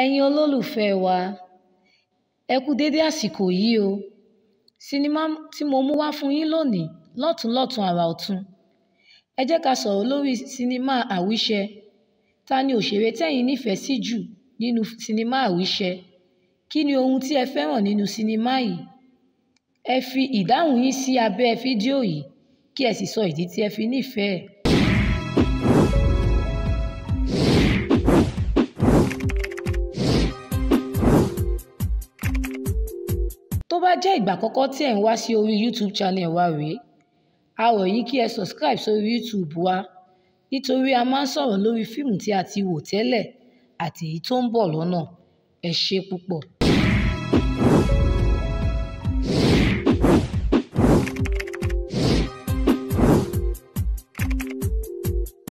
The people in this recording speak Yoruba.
ẹ̀yin olólùfẹ́ wa ẹ kú dédé àsìkò yìí o sinimá tí mo mú wá fún yín lónìí lọ́tùnlọ́tùn àrà ọ̀tun ẹ jẹ́ ká sọ̀rọ̀ lórí sinimá àwíṣẹ ta ni òṣèré tẹ́yìn nífẹ̀ẹ́ sí jù nínú sinimá àwíṣẹ kí ni ohun tí ẹ fẹ́ràn nínú sinimá yìí ẹ fi ìdáhùn yín sí abẹ́ fídíò yìí kí ẹ sì sọ ìdí tí ẹ fi nífẹ̀ẹ́ tó bá jẹ́ ìgbà àkọ́kọ́ tí ẹ̀ ń wá sí orí youtube channel wa rèé a rọ̀ yín kí ẹ subscribe sórí youtube wa nítorí a máa ń sọ̀rọ̀ lórí fíìmù tí a ti wò tẹ́lẹ̀ àti èyí tó ń bọ̀ lọ́nà ẹ ṣé púpọ̀